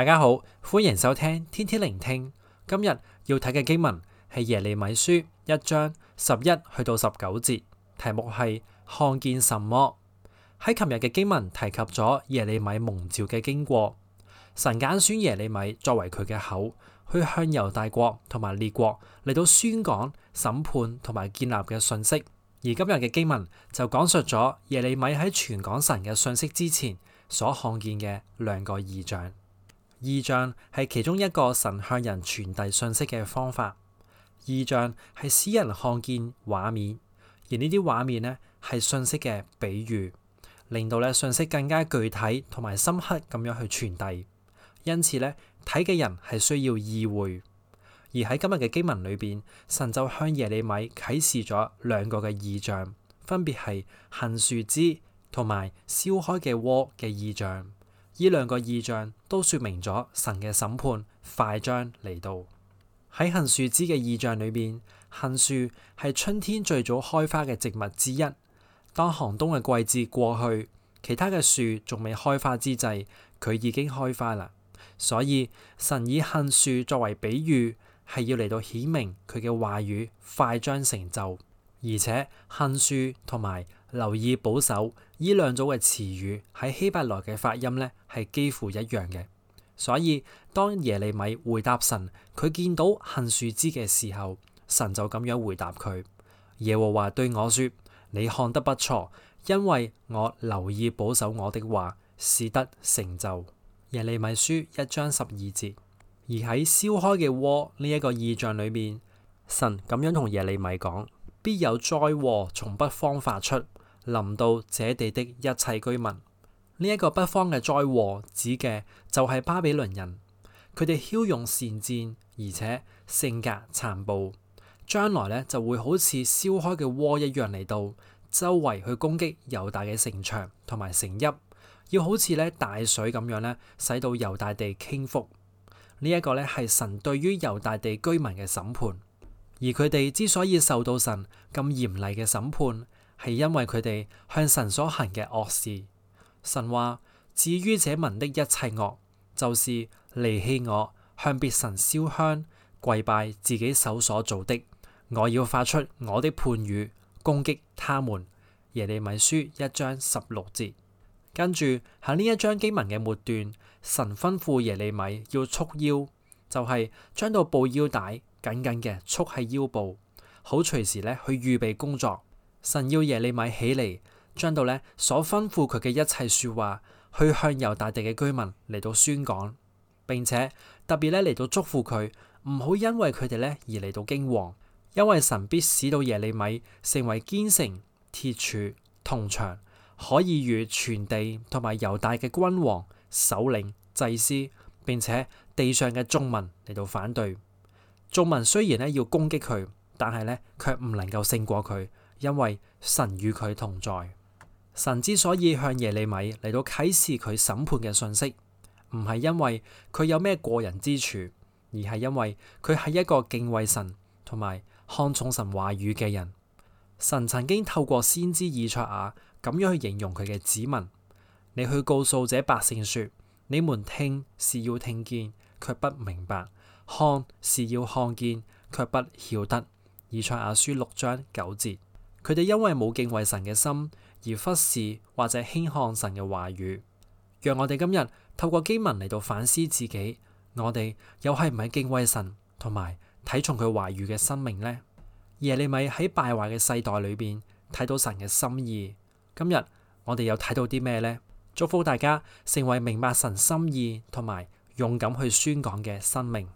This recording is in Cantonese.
大家好，歡迎收聽天天靈聽。今日要睇嘅經文係耶利米書一章十一去到十九節，題目係看見什麼？喺琴日嘅經文提及咗耶利米蒙召嘅經過，神揀選耶利米作為佢嘅口去向猶大國同埋列國嚟到宣講審判同埋建立嘅訊息。而今日嘅經文就講述咗耶利米喺傳講神嘅訊息之前所看見嘅兩個異象。異象係其中一個神向人傳遞訊息嘅方法。異象係使人看見畫面，而呢啲畫面咧係訊息嘅比喻，令到咧訊息更加具體同埋深刻咁樣去傳遞。因此咧，睇嘅人係需要意會。而喺今日嘅經文裏邊，神就向耶利米啟示咗兩個嘅異象，分別係杏樹枝同埋燒開嘅鍋嘅異象。呢兩個異象都說明咗神嘅審判快將嚟到。喺杏樹枝嘅異象裏邊，杏樹係春天最早開花嘅植物之一。當寒冬嘅季節過去，其他嘅樹仲未開花之際，佢已經開花啦。所以神以杏樹作為比喻，係要嚟到顯明佢嘅話語快將成就，而且杏樹同埋。留意保守呢兩組嘅詞語喺希伯來嘅發音呢係幾乎一樣嘅。所以當耶利米回答神，佢見到杏樹枝嘅時候，神就咁樣回答佢：耶和華對我說，你看得不錯，因為我留意保守我的話，使得成就。耶利米書一章十二節，而喺燒開嘅鍋呢一個異象裡面，神咁樣同耶利米講：必有災禍從北方發出。臨到這地的一切居民，呢、這、一個北方嘅災禍指嘅就係巴比倫人，佢哋驍勇善戰，而且性格殘暴，將來咧就會好似燒開嘅鍋一樣嚟到周圍去攻擊猶大嘅城牆同埋城邑，要好似咧大水咁樣咧，使到猶大地傾覆。呢、這、一個咧係神對於猶大地居民嘅審判，而佢哋之所以受到神咁嚴厲嘅審判。係因為佢哋向神所行嘅惡事，神話，至於這民的一切惡，就是離棄我，向別神燒香，跪拜自己手所造的，我要發出我的判語，攻擊他們。耶利米書一章十六節，跟住喺呢一章經文嘅末段，神吩咐耶利米要束腰，就係、是、將到布腰帶緊緊嘅束喺腰部，好隨時咧去預備工作。神要耶利米起嚟，將到咧所吩咐佢嘅一切說話去向猶大地嘅居民嚟到宣講，並且特別咧嚟到祝福佢，唔好因為佢哋咧而嚟到驚惶，因為神必使到耶利米成為堅城、鐵柱、銅牆，可以與全地同埋猶大嘅君王、首領、祭司，並且地上嘅眾民嚟到反對。眾民雖然咧要攻擊佢，但係咧卻唔能夠勝過佢。因為神與佢同在。神之所以向耶利米嚟到啟示佢審判嘅信息，唔係因為佢有咩過人之處，而係因為佢係一個敬畏神同埋看重神話語嘅人。神曾經透過先知以賽亞咁樣去形容佢嘅子民：你去告訴這百姓說，你們聽是要聽見卻不明白，看是要看見卻不曉得。以賽亞書六章九節。佢哋因為冇敬畏神嘅心，而忽視或者輕看神嘅話語。讓我哋今日透過經文嚟到反思自己，我哋又係唔係敬畏神，同埋睇重佢話語嘅生命呢？耶利米喺敗壞嘅世代裏邊睇到神嘅心意，今日我哋又睇到啲咩呢？祝福大家成為明白神心意，同埋勇敢去宣講嘅生命。